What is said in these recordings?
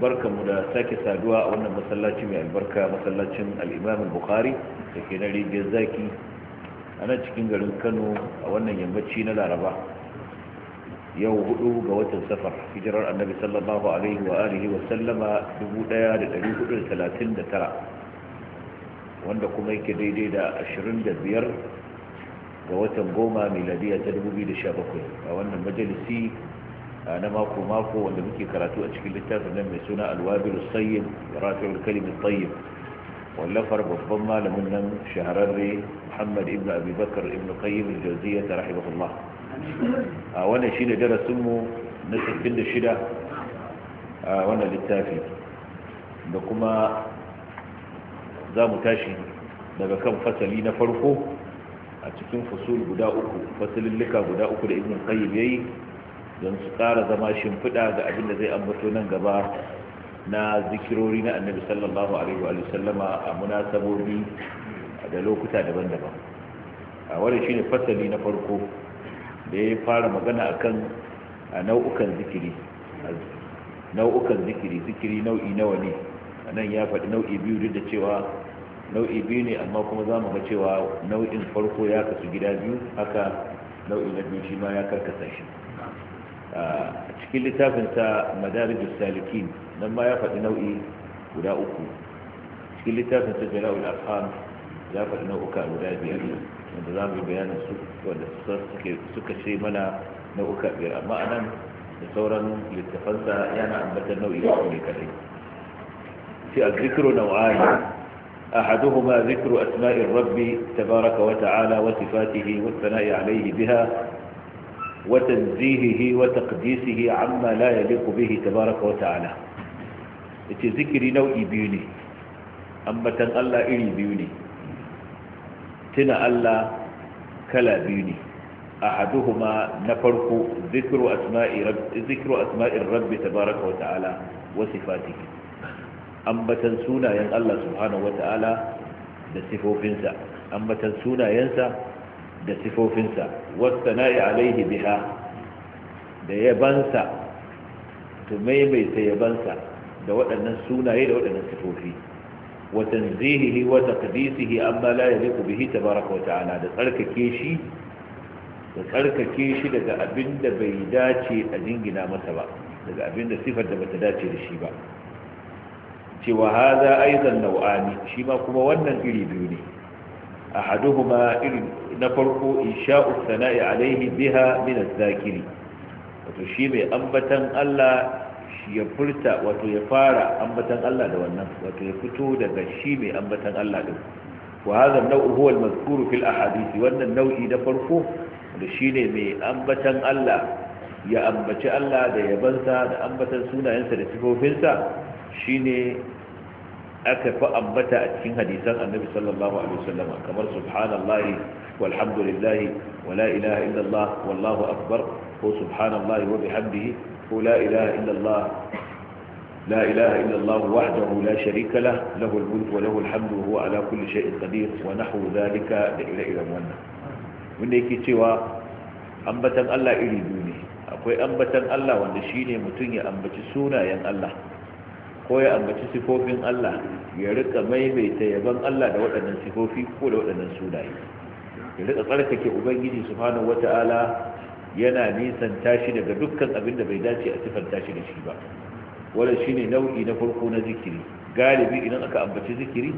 mu da sake saduwa a wannan masallaci mai albarka masallacin al'imam bukhari da ke na rijiyar zaki nan cikin garin kano a wannan yammaci na laraba yau hudu ga watan safar hijirar annabi sallallahu alaihi wa alihi wa sallama 1439 wanda kuma yake daidai da 25 ga watan goma miladiya ta 2017 a wannan majalisi na mako-mako wanda muke karatu a cikin littafin nan mai suna alwabiru tsayin rafi'ul kalimin tsayin wallafar babban malamin nan shahararre muhammad ibn abubakar ibn qayyim al-jawziyya ta rahimahullah a wannan shi darasin darasinmu na 66 a wannan littafi da kuma za mu tashi daga kan fasali na farko a cikin fusul guda uku fasalin lika guda uku da ibn qayyim yayi don su ƙara zama shimfiɗa ga abin da zai ambato nan gaba na zikirori na annabi sallallahu alaihi wa sallama a munasabobi da lokuta daban-daban a wani ne fasali na farko da ya fara magana akan a nau'ukan zikiri nau'ukan zikiri zikiri nau'i nawa ne a nan ya faɗi nau'i biyu duk da cewa nau'i biyu ne amma kuma za mu ga cewa nau'in farko ya kasu gida biyu haka nau'i na biyu shi ma ya karkasa shi a cikin littafinsa madarijus salikin nan ma ya faɗi nau'i guda uku cikin littafinsa jala'ul arham ya faɗi nau'uka guda biyar wanda za mu yi bayanin su wanda suka ce mana nau'uka biyar amma a nan da sauran littafansa yana ambatar nau'i uku ne kadai sai a zikiro nau'ani أحدهما ذكر أسماء الرب تبارك وتعالى وصفاته والثناء عليه بها وتنزيهه وتقديسه عما لا يليق به تبارك وتعالى yace zikiri nau'i biyu ne ambatan Allah iri biyu ne tuna Allah kala biyu ne ahaduhuma na farko zikiru asma'i rabbi zikru asma'ir rabbi tabaaraka wa ta'ala wa sifatihi ambatan sunayen Allah subhanahu wa ta'ala da sifofinsa ambatan sunayensa da sifofinsa wasana'i alaihi biha da yabansa to maimaita yabansa da waɗannan sunaye da waɗannan sifofi wa tanzihihi wa taqdisihi amma la yaliqu bihi tabaraka wa ta'ala da tsarkake shi da tsarkake shi daga abin da bai dace a jingina masa ba daga abin da sifar da bata dace da shi ba cewa ha haza aizan nau'ani shi ma kuma wannan iri biyu ne a ma irin na farko insha'u sana'i alaihi biha min zakiri wato shi mai ambatan Allah ya furta wato ya fara ambatan Allah da wannan wato ya fito daga shi mai ambatan Allah din wa hadha an-naw'u huwa al-mazkuru fil ahadith wannan nau'i da farko da shine mai ambatan Allah ya ambaci Allah da yabansa da ambatan sunayensa da sifofinsa shine aka fi ambata a cikin hadisan annabi sallallahu alaihi wasallama kamar subhanallahi walhamdulillahi wala ilaha illallah wallahu akbar ko subhanallahi wa bihamdihi ko la ilaha illallah لا إله إلا الله وحده لا شريك له له الملك وله الحمد وهو على كل شيء قدير ونحو ذلك إلى إلى مولنا من يكي تيوى أنبتا الله إلي دوني أقوي أنبتا الله وأن شيني أنبت سونا ين الله ko ya ambaci sifofin Allah ya rika maimaita yaban Allah da waɗannan sifofi ko da waɗannan sunaye ya rika tsarkake ubangiji subhanahu wata'ala yana nisan tashi daga dukkan abin da bai dace a sifan tashi da shi ba wanda shine nau'i na farko na zikiri galibi idan aka ambaci zikiri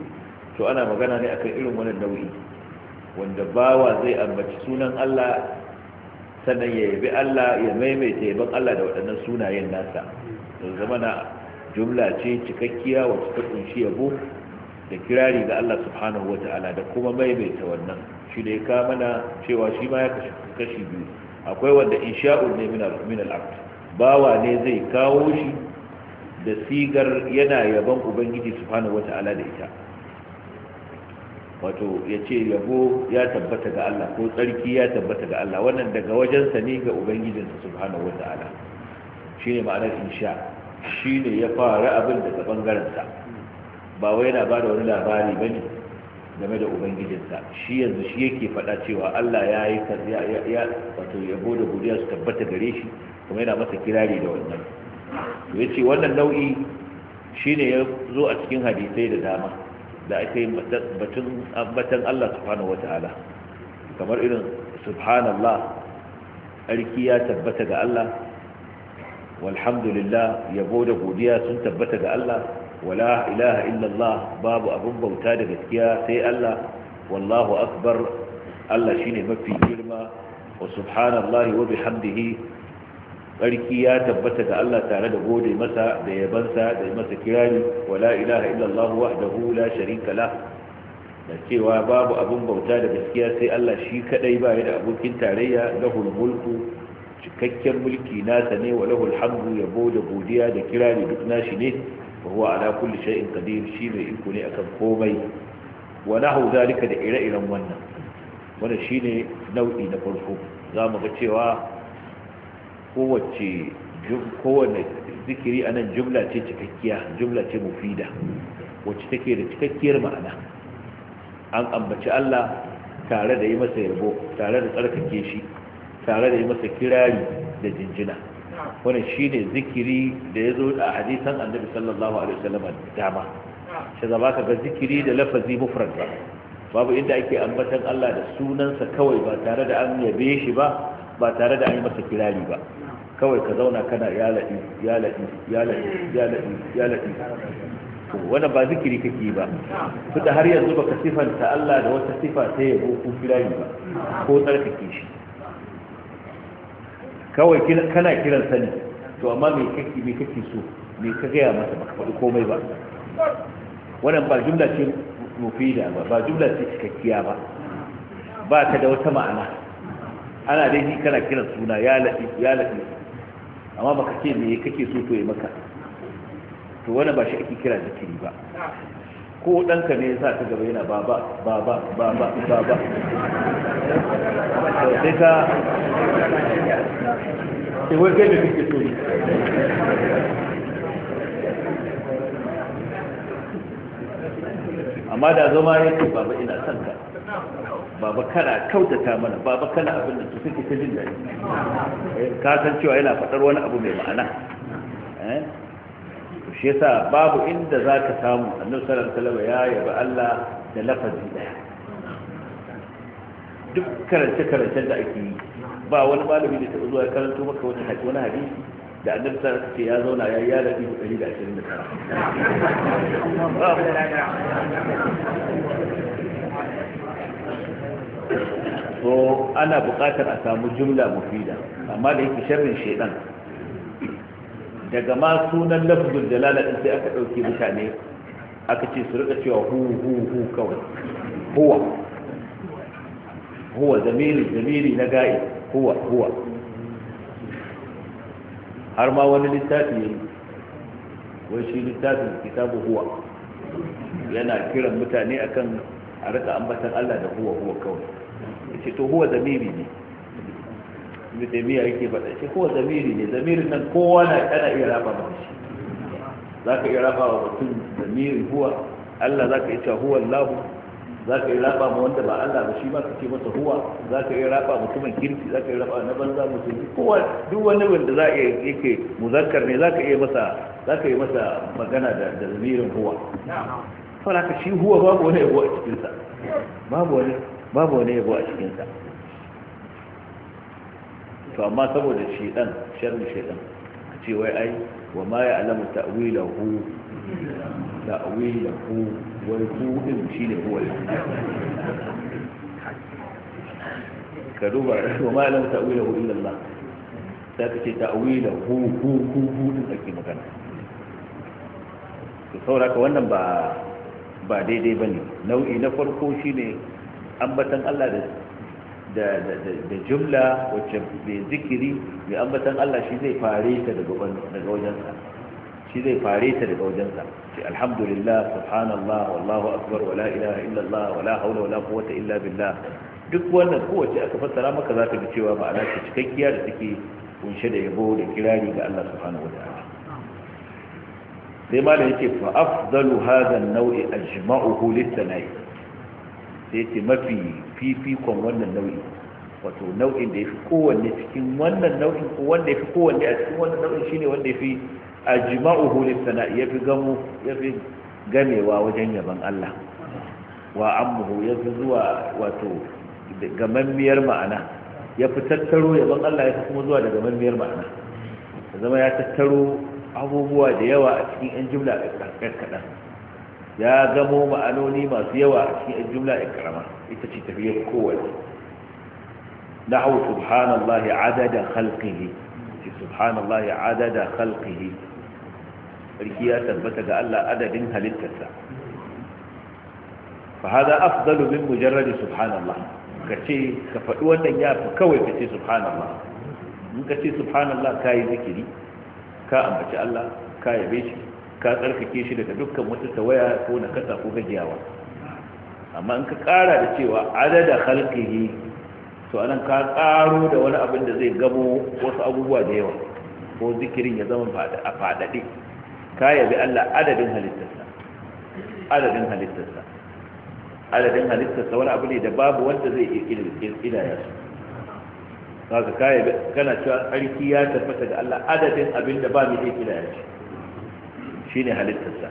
to ana magana ne akan irin wannan nau'i wanda bawa zai ambaci sunan Allah sannan ya yabi Allah ya maimaita yaban Allah da waɗannan sunayen nasa zama jumla ce cikakkiya wacce ta kunshi yabo da kirari ga Allah subhanahu wata'ala da kuma maimaita wannan shi da ya ka mana cewa shi ma ya kashi biyu akwai wanda insha'ul ne min al bawa ne zai kawo shi da sigar yana yaban ubangiji subhanahu wata'ala da ita wato ya yabo ya tabbata ga Allah ko tsarki ya tabbata ga Allah wannan daga wajensa ne ga ubangijinsa subhanahu wata'ala shine ma'anar insha' shi ne ya fara abin daga ɓangarensa ba wai yana ba da wani labari ba ne game da ubangijinsa shi yanzu shi yake faɗa cewa allah ya yi ya wato yabo da godiya su tabbata gare shi kuma yana masa kirari da wannan ya ce wannan nau'i shi ne ya zo a cikin hadisai da dama da ake batun allah subhanahu wataala kamar irin subhanallah tsarki ya tabbata ga allah walhamdulillah yabo da godiya sun tabbata ga Allah wala ilaha illallah babu abun bauta da gaskiya sai Allah wallahu akbar Allah shine mafi girma wa subhanallahi wa bihamdihi tsarki ya tabbata ga Allah tare da gode masa da yabansa da masa kirari wala ilaha illallah wahdahu la sharika la da cewa babu abun bauta da gaskiya sai Allah shi kadai ba da abokin tarayya lahul mulku cikakken mulki nasa ne wa lahul hamdu yabo da godiya da kirari duk nashi ne wa huwa ala kulli shay'in qadir shi ne iko ne akan komai wa nahu zalika da ire-iren wannan wannan shine nau'i na farko za mu ga cewa kowace kowane zikiri anan jumla ce cikakkiya jumla ce mufida wacce take da cikakkiyar ma'ana an ambaci Allah tare da yi masa yabo tare da tsarkake shi tare da yi masa kirari da jinjina wannan shine zikiri da ya zo a hadisan annabi sallallahu alaihi wasallam dama shi zaba ka ga zikiri da lafazi mufrad ba babu inda ake ambatan Allah da sunansa kawai ba tare da an yabe shi ba ba tare da an yi masa kirari ba kawai ka zauna kana ya ladi ya ladi ya ladi ya ladi ya laɗi wanda ba zikiri kake ba duk da har yanzu baka sifanta Allah da wata sifa ta yabo ko kirari ba ko tsarkake shi kawai kana kiran sani to amma me kake me kake so me ka gaya masa baka faɗi komai ba wannan ba jumla ce mufida ba ba jumla ce cikakkiya ba ba ta da wata ma'ana ana dai ni kana kiran suna ya lafi ya lafi amma ba ka ce me kake so to ya maka to wannan ba shi ake kira zikiri ba ko ɗanka ne ya sa ta gaba yana baba baba baba baba sai ka iwai eh, kai da kake so amma da zama ya ce baba ina son ka baba kana kautata mana baba kana abin da su suke ta jin daɗi eh, ka san cewa yana faɗar wani abu mai ma'ana eh? shi yasa babu inda za ka samu annabi sallallahu alaihi wasallam ya yaba Allah da lafazi daya duk karance karancen da ake yi ba wani malami da taɓa zuwa karanto maka wani hadisi wani hadisi da annabi sallallahu alaihi ya zauna ya yi yara biyu ɗari da ashirin da tara so ana buƙatar a samu jumla mufida amma da yake sharrin shaidan daga ma sunan lafzul jalala din sai aka dauke mutane aka ce su rika cewa hu hu hu kawai huwa huwa zamiri zamiri na ga'i huwa huwa har ma wani littafi ne wai shi littafin kitabu huwa yana kiran mutane akan a rika ambatan Allah da huwa huwa kawai yace to huwa zamiri ne ibn taymiya yake faɗa shi ko zamiri ne zamirin nan kowa na kana iya raba ba shi ka iya raba wa mutum zamiri huwa Allah za ka iya cewa huwa za ka iya raba ma wanda ba Allah ba shi ma kake mata huwa za ka iya raba mutumin kirki ka iya raba na banza mutum kowa duk wani wanda za iya ke muzakkar ne zaka iya masa zaka iya masa magana da da zamirin huwa ka shi huwa babu wani yabo a cikin babu wani babu wani yabo a cikinsa. to amma saboda shedan sharri shedan ce wai ai wa ma ya alamu ta'wilahu ta'wilahu wai ku din ne huwa ka duba wa ma ya alamu ta'wilahu illa Allah sai ka ce ta'wilahu hu hu hu hu din ake magana to saboda wannan ba ba daidai bane nau'i na farko shine ambatan Allah da da jumla wacce mai zikiri mai ambatan Allah shi zai fare ta daga wajensa shi zai fare ta daga wajensa ce alhamdulillah subhanallah wallahu akbar wala ilaha illallah wala haula wala quwwata illa billah duk wannan kowace aka fassara maka zaka ga cewa ma'ana ta cikakkiya da take kunshe da yabo da kirari ga Allah subhanahu wa wataala sai malam yake fa afdalu hadha an-naw'i ajma'uhu lit-tanayi sai ce mafi fifikon wannan nau'i wato nau'in da ya fi kowanne cikin wannan nau'in ko wanda ya fi kowanne a cikin wannan nau'in shine wanda ya fi ajma'uhu lis sana ya fi gamu ya fi gamewa wajen yaban Allah wa ammuhu ya fi zuwa wato gamammiyar ma'ana ya fi tattaro yaban Allah ya fi kuma zuwa da gamammiyar ma'ana zama ya tattaro abubuwa da yawa a cikin 'yan jimla a kaɗan ya gamo ma'anoni masu yawa a cikin jumla karama. ita ce tafiyar kowace nahu subhanallahi adada subhanallah, ya adada khalqihi sarki ya tabbata ga Allah adadin halittarsa fa hada afdalu min mujarrad subhanallah Ka ce, ka faɗi wannan ya fi kawai ka ce subhanallah in ce subhanallah ka yi zikiri ka ambaci Allah ka yabe shi ka tsarkake shi daga dukkan wata tawaya ko na kasa ko gajiyawa amma in ka kara da cewa adada halkihi to anan ka karo da wani abin da zai gabo wasu abubuwa da yawa ko zikirin ya zama a fadade ka yabi Allah adadin halittarsa adadin halittarsa adadin halittarsa wani abu ne da babu wanda zai ƙirƙira su kaga ka yabi kana cewa tsarki ya tabbata da Allah adadin abin da ba mu zai ya shi shine halittarsa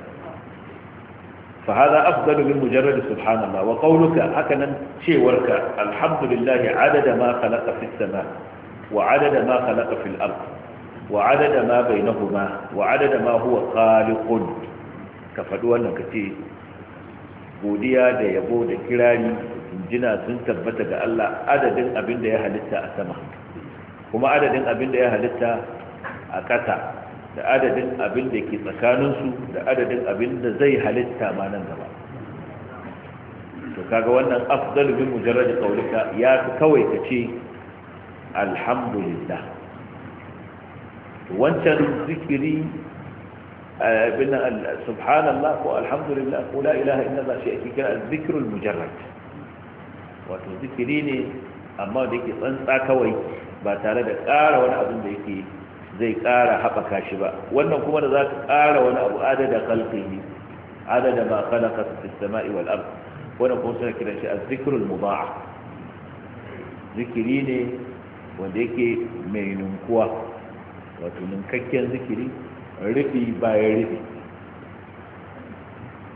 fa hada afdalu min mujarrad subhanallah wa qawluka hakanan cewarka alhamdulillah adada ma khalaqa fis sama wa adada ma khalaqa fil ard wa adada ma bainahuma wa adada ma huwa khaliqun ka faɗi wannan ka ce godiya da yabo da kirari jina sun tabbata ga Allah adadin abin da ya halitta a sama kuma adadin abin da ya halitta a ƙasa da adadin abin da ke tsakaninsu da adadin abin da zai halitta ma nan gaba to kaga wannan afdalu min mujarrad qawlika ya fi kawai kace alhamdulillah wancan zikiri abin eh, subhanallah ko alhamdulillah ko la ilaha illallah shi ake kira zikrul mujarrad wato zikiri ne amma da yake tsantsa kawai ba tare da ƙara wani abin da yake zai ƙara haɓaka shi ba wannan kuma da za ka ƙara wani abu adada kalfihi adada ma su fi samai iwal ard wani kuma suna kiran shi az mu mudha'af zikiri ne wanda yake mai ninkuwa wato ninkakken zikiri rufi bayan rufi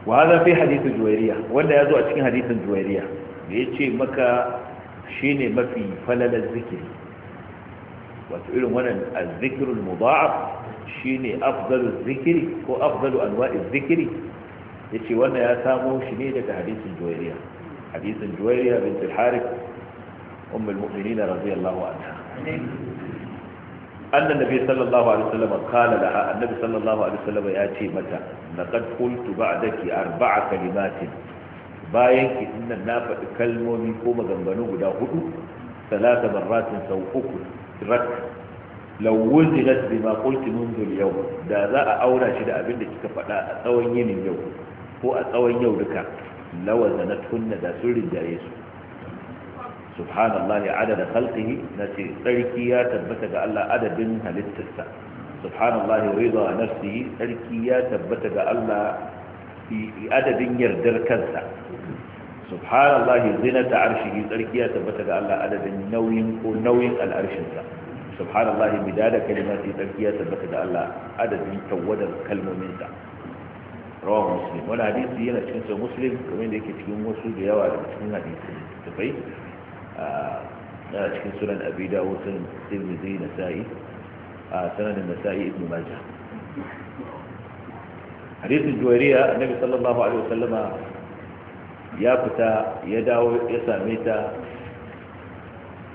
wa hada fi hadithu juwairiya wanda ya zo a cikin hadithin juwairiya da ya ce maka shine mafi falalar zikiri wato irin wannan azzikirul mudha'af shine afdalu zikiri ko afdalu anwa'i zikiri yace wannan ya samo shi ne daga hadisin juwayriya hadisin juwayriya bin al-harith umm al-mu'minin radiyallahu anha anna nabi sallallahu alaihi wasallam qala laha annabi sallallahu alaihi wasallam ya ce mata laqad qultu ba'daki arba'a kalimatin bayan ki dinnan na faɗi kalmomi ko maganganu guda hudu salata barratin sau uku rak lawun zilat bi ma qulti yau da za a aura shi da abinda kika faɗa a tsawon yinin yau ko a tsawon yau duka lawa zanat hunna da sun rinjaye su subhanallahi adada khalqihi tsarki ya tabbata ga Allah adadin halittarsa subhanallahi rida nafsihi tsarki ya tabbata ga Allah adadin yardar kansa subhanallahi zinata arshihi tsarkiya tabbata ga Allah adadin nauyin ko nauyin al'arshinsa subhanallahi bidada kalimati tsarkiya tabbata ga Allah adadin tawadar kalmominsa rawahu muslim wani hadisi yana cikin sa muslim kamar da yake cikin wasu da yawa daga cikin hadisi tafai a ah, cikin sunan abi dawud sunan tirmidhi nasa'i a ah, sunan nasa'i ibn majah hadisin juwariya annabi sallallahu alaihi wasallama ya fita ya dawo ya same ta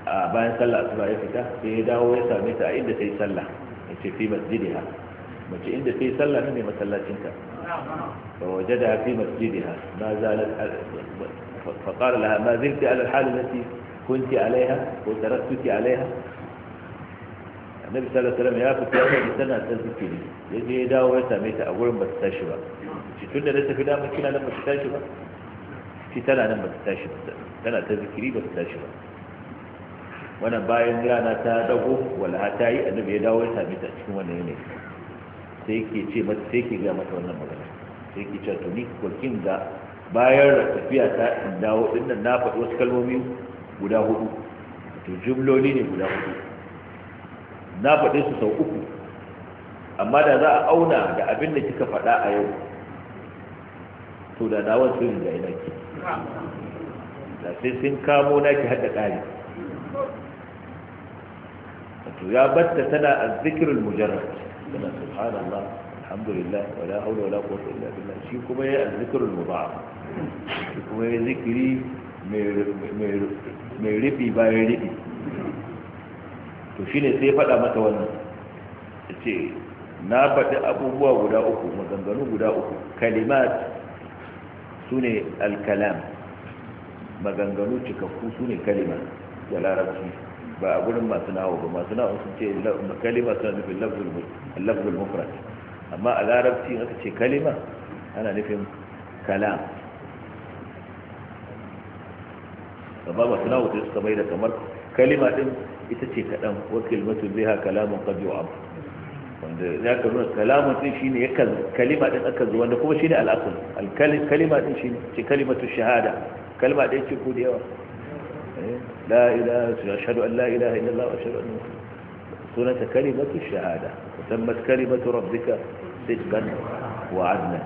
a bayan sallah asuba ya fita sai ya dawo ya same ta a inda ta yi sallah in ce fi masjidiha mace inda ta yi sallah ne masallacinta ba waje da fi masjidiha ma zalat فقال لها ما زلت على الحال التي كنت عليها وتركتك عليها النبي صلى الله عليه وسلم ya fita ya tana ta zikiri ya je ya dawo ya same ta a gurin ba ta tashi ba shi tun da ta fi damar kina nan ba ta tashi ba shi tana nan ba ta tashi ba tana ta zikiri ba ta tashi ba wannan bayan rana ta dago wala ta yi annabi ya dawo ya same ta cikin wannan yanayi sai ke ce mata sai ke ga mata wannan magana sai ke ce to ni kokin ga bayan tafiya ta in dawo din nan na faɗi wasu kalmomi guda hudu to jumloli ne guda hudu na faɗe su sau uku amma da za a auna da abin da kika faɗa a yau to da dawon sirrin da ina ki da sai sun kamo naki hada ɗari. wato ya batta tana zikirin mujarrad tana subhanallah alhamdulillah wala haula wala quwwata illa billah shi kuma yayi azzikirul mudha'af shi kuma yayi zikiri mai rufi bayan rufi to shine sai faɗa mata wannan ce na faɗi abubuwa guda uku maganganu guda uku kalimat sune al-kalam maganganu cikakku ne kalima da larabci ba a gurin masu nawo ba masu nawo sun ce kalima suna nufin lafzul mufrad amma a larabci aka ce kalima ana nufin kalam amma masu nawo sai suka mai da kamar kalima din ita ce kaɗan wakil mutum zai ha kalamun kabiwa abu wanda ya ka nuna kalamun din ne ya kalima din aka zo wanda kuma shi ne al'aqul kalima din shine ce kalimatu shahada kalma din ce ku da yawa eh, la ilaha illa ashhadu an la ilaha illa allah wa ashhadu anna sunata kalimatu shahada tammat kalimatu rabbika sidqan wa adlan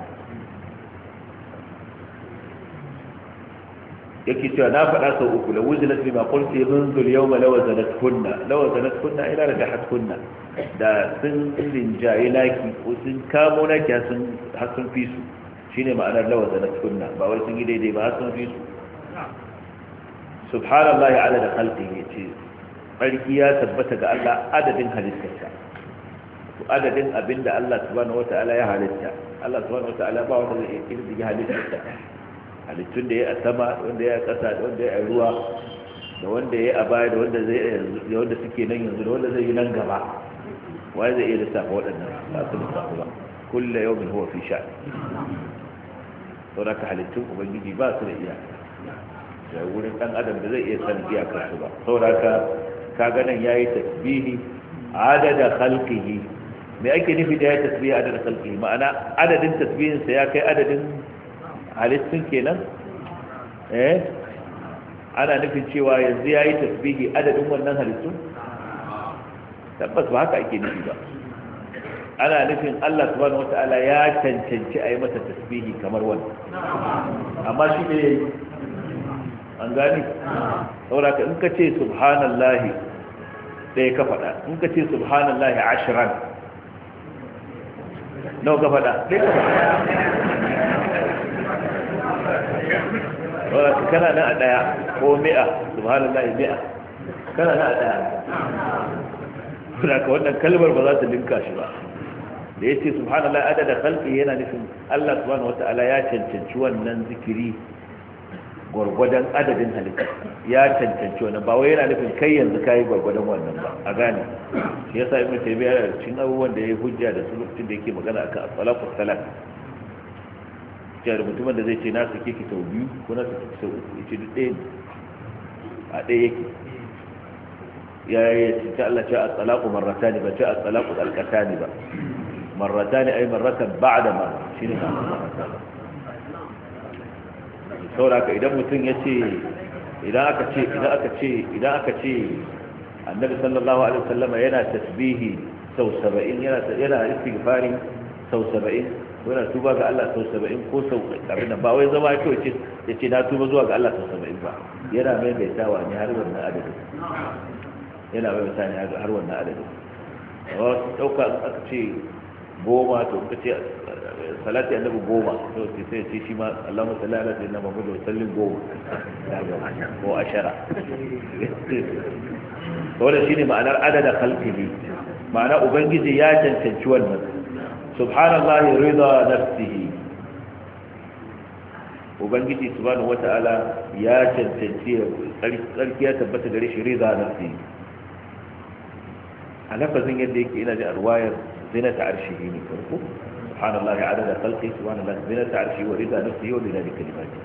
yake cewa na faɗa sau uku la wujilat lima qulti yanzul yawma law zanat kunna law zanat kunna ila la dahat kunna da sun linjaye laki ko sun kamo laki sun hasun fi su shine ma'anar lawa zanat kunna ba wai sun yi daidai ba hasun fi su ya ala da ya ce sarki ya tabbata ga Allah adadin halittarsa ko adadin abinda Allah subhanahu wataala ya halitta Allah subhanahu wataala ba wanda zai kirdi halittarsa halittun da ya a sama wanda ya a ƙasa da wanda ya a ruwa da wanda ya a baya da wanda zai da wanda suke nan yanzu da wanda zai yi nan gaba wai zai iya lissafa waɗannan ba su lissafa ba kulla yau min huwa fi sha sau da ka halittun ubangiji ba su da iya da wurin ɗan adam da zai iya san iyakar su ba sau da ka ganin ya yi tasbihi adada khalqihi me ake nufi da ya tasbihi adada khalqihi ma'ana adadin tasbihinsa ya kai adadin halittun kenan eh ana nufin cewa yanzu ya yi tasbihi adadin wannan halittun tabbas ba haka ake nufi ba ana nufin Allah subhanahu ta'ala ya cancanci a yi masa tasbihi kamar wani amma shi ne an gani sauraka in ka ce subhanallahi ɗaya ka faɗa in ka ce subhanallahi ashirin nau ka faɗa ɗaya ka faɗa wadda kana na a ɗaya ko mi'a subhanallah mi'a kana na a ɗaya saboda wannan kalmar ba za ta linka shi ba da ya ce subhanallah adada halki yana nufin Allah subhanahu wata'ala ya cancanci wannan zikiri gwargwadon adadin halitta ya cancanci wannan ba wai yana nufin kai yanzu ka yi gwargwadon wannan ba a gane shi yasa ibnu taymiya yana cikin abubuwan da ya yi hujja da su lokacin da yake magana akan as-salatu was-salam cewa mutumin da zai ce na sake ki sau biyu ko na sake ki sau uku ya ce duk ɗaya ne a ɗaya yake ya yi ta Allah ce a tsalaku marrata ne ba ce a tsalaku tsalkata ne ba marrata ne ai marrata ba da ma shi ne marrata ba sauraka idan mutum ya ce idan aka ce idan aka ce idan aka ce annabi sallallahu alaihi wasallama yana tasbihi sau saba'in yana yana istighfari sau saba'in na tuba ga Allah sau saba'in ko sau abin da ba wai zama ya ya ce na tuba zuwa ga Allah sau saba'in ba yana tawa ne har wannan adadin yana maimaita ne har wannan adadin a wasu ɗauka aka ce goma to ka ce salati annabi goma to ce sai ce shi ma Allah mu sallallahu alaihi wasallam da sallin goma ko ashara to shi shine ma'anar adada khalqihi ma'ana ubangiji ya cancanci wannan سبحان الله رضا نفسه وبنجي سبحانه وتعالى يا تنتسير قلت يا تبت قريش رضا نفسه أنا فزن يديك إلى ذي أرواية زنة سبحان الله عدد خلقه سبحان الله زنة عرشه ورضا نفسه ولذلك كلماته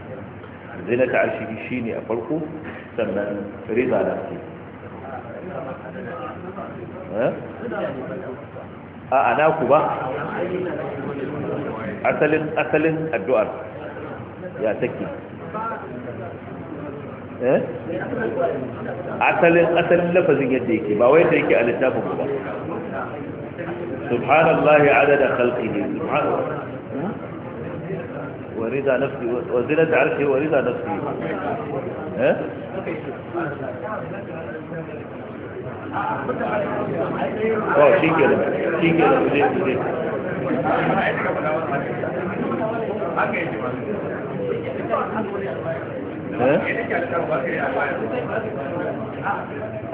زنة عرشه شيني أفرقه سمى رضا نفسه ها؟ a ana ku ba asalin asalin addu'ar ya take eh asalin asalin lafazin yadda yake ba wai da yake a littafin ba subhanallahi adada khalqihi subhanallah ورضا نفسي وزنة عرشي ورضا نفسي oh shi ke da shi ke da kuje kuje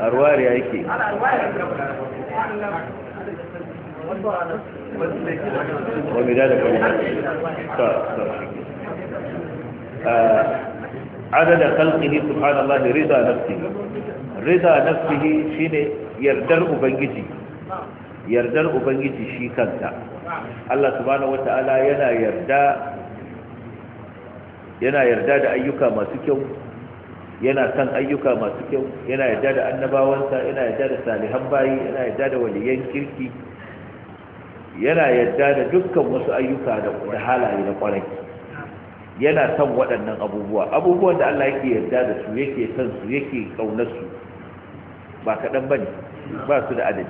arwari yake uh, adada subhanallah rida nafsi rida nafsihi shine yardar ubangiji yardar ubangiji shi kanta Allah subhanahu wataala yana yarda yana yarda da ayyuka masu kyau yana san ayyuka masu kyau yana yarda da annabawansa yana yarda da salihan bayi yana yarda da waliyan kirki yana yarda da dukkan wasu ayyuka da halaye na kwarai yana son waɗannan abubuwa abubuwan da Allah yake yarda da su yake son su yake kaunar su ba kaɗan ba ne ba su da adadi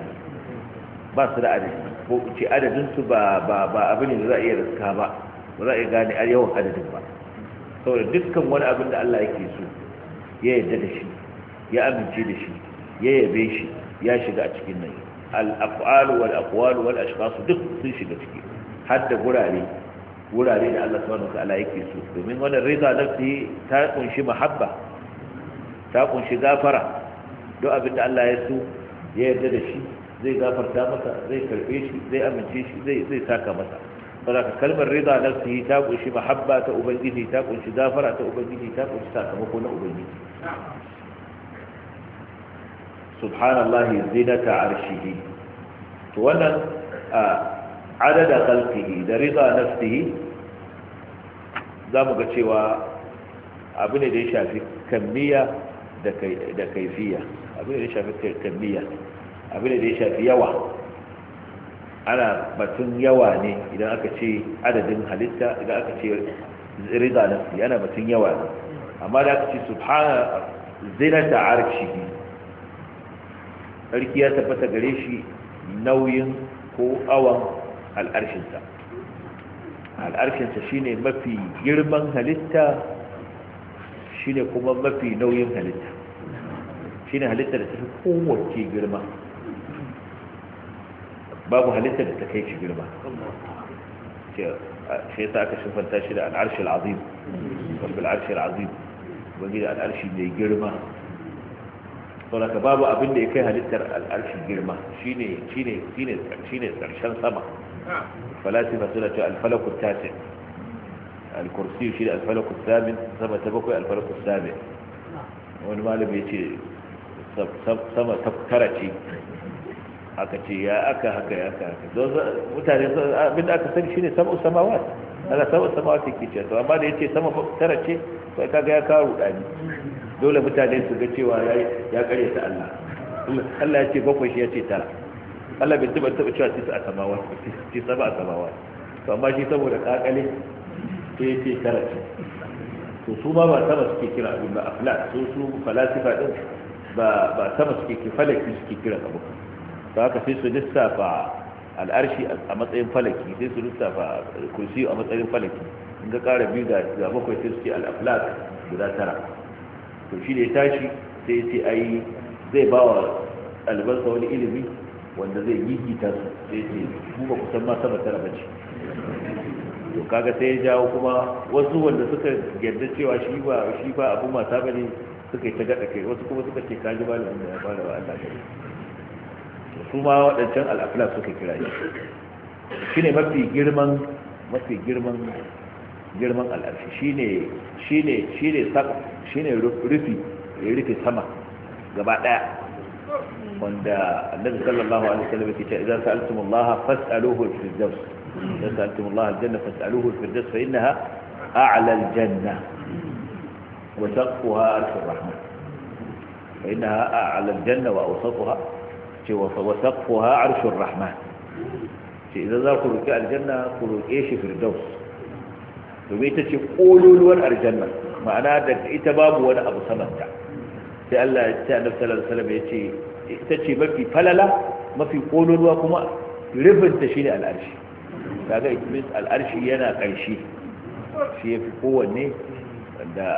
ba su da adadi ko ce adadinsu ba abin da za a iya riska ba ba za a iya gane yawan adadin ba saboda dukkan wani abin da Allah yake so ya yarda da shi ya amince da shi ya yabe shi ya shiga a cikin nan al wal wal ashkhas duk sun shiga ciki har da gurare wurare da Allah subhanahu ta'ala yake so domin wannan rida nafsi ta kunshi mahabba ta kunshi gafara duk abin da Allah ya so ya yarda da shi zai gafarta masa zai karbe shi zai amince shi zai saka masa saboda kalmar rida nafsihi ta kunshi mahabba ta ubangiji ta kunshi gafara ta ubangiji ta kunshi sakamako na ubangiji subhanallahi zinata arshihi to wannan a adada khalqihi da rida za mu ga cewa abu ne da ya shafi kammiya da kaifiya abin da ya shafi tambiya abin da ya shafi yawa ana batun yawa ne idan aka ce adadin halitta idan aka ce riga na nafsi ana batun yawa ne amma da aka ce subhana zinata arshihi sarki ya tabbata gare shi nauyin ko awon al'arshinsa al'arshinsa shine mafi girman halitta shine kuma mafi nauyin halitta shi ne halittar da ta fi kowace girma babu halittar da ta kai shi girma shi ya ta aka shimfanta shi da al'arshi al'azim babu al'arshi al'azim wani da al'arshi mai girma sauraka babu abin da ya kai halittar al'arshi girma shi ne ƙarshen sama falasifa suna ce alfalakun tasir alkursi shi da alfalakun samin sama ta bakwai alfalakun samin wani malami ya ce sama ta karace aka ce ya aka haka ya aka haka don mutane abinda aka sani shine sama samawa ana sama samawa ta ce to amma da ya ce sama karace sai kaga ya kawo rudani dole mutane su ga cewa ya kare ta Allah Allah ya ce bakwai shi ya ce tara Allah bai taba taba cewa tisa a samawa ci saba a samawa to amma shi saboda kakale sai ya ce tara ce to su ma ba sama suke kira abin ba afla su su falasifa din ba sama suke ki falaki suke kira abu haka sai su lissafa al'arshi a matsayin falaki sai su lissafa kursi a matsayin falaki in ga kara biyu ga bakwai sai suke ce al'aflak guda tara to shi ne tashi sai ce yi zai ba wa ɗalibansa wani ilimi wanda zai gigita su sai ce ku ba kusan ma sama tara ba ce to kaga sai ya jawo kuma wasu wanda suka yarda cewa shi ba shi ba ne. bane suka yi ta gaɗa kai wasu kuma suka ce kaji ba da wanda ya fara wa Allah gari su ma waɗancan al'afila suka kira shi shi ne mafi girman mafi girman girman al'arshi shi ne shi ne shi ne shi ne rufi rufi sama gaba ɗaya wanda annabi sallallahu alaihi wasallam yake cewa idan sa'altum Allah fas'aluhu al-firdaus idan sa'altum Allah al-janna fas'aluhu al-firdaus fa innaha a'la al-janna ina وسقفها عرش الرحمن فإنها أعلى الجنة وأوسطها ce idan za ku roƙi aljanna ku roƙe shi فردوس domin ita ce ƙololuwar aljanna ma'ana da ita babu wani abu samanta sai Allah ya ce annabi sallallahu alaihi wasallam ya ce ita ce mafi falala mafi ƙololuwa kuma shi ne al'arshi kaga it means al'arshi yana ƙarshe shi yafi kowanne da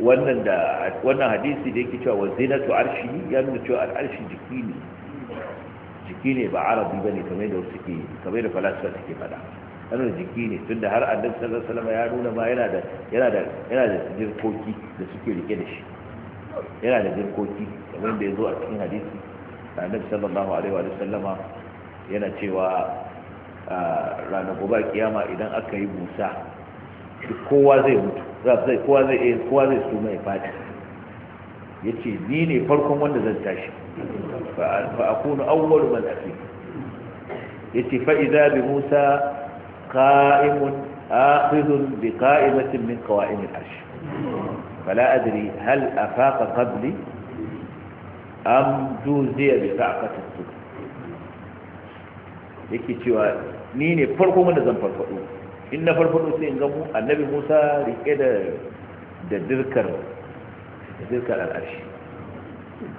wannan da wannan hadisi da yake cewa wazinatu arshi ya nuna cewa al'arshi jiki ne jiki ne ba arabi bane kamar da wasu ke kamar da falasifa suke fada yana jiki ne tunda har annabi sallallahu alaihi ya nuna ma yana da yana da jirkoki da suke rike da shi yana da jirkoki kamar da ya zo a cikin hadisi annabi sallallahu alaihi wa sallama yana cewa ah, ranar gobe kiyama idan aka yi busa kowa zai mutu zai kowa zai iya eh, kowa zai su mai fadi ya ce ni ne farkon wanda zan tashi fa akunu awwalu man afi ya ce fa'iza idza bi musa qa'imun akhidhun bi qa'imatin min qawa'im al-arsh fala adri hal afaqa qabli am juziya bi sa'qatin suk yake cewa ni ne farkon wanda zan farfado in na farfado sai in ga mu annabi musa rike da da dirkar da dirkar al'arshi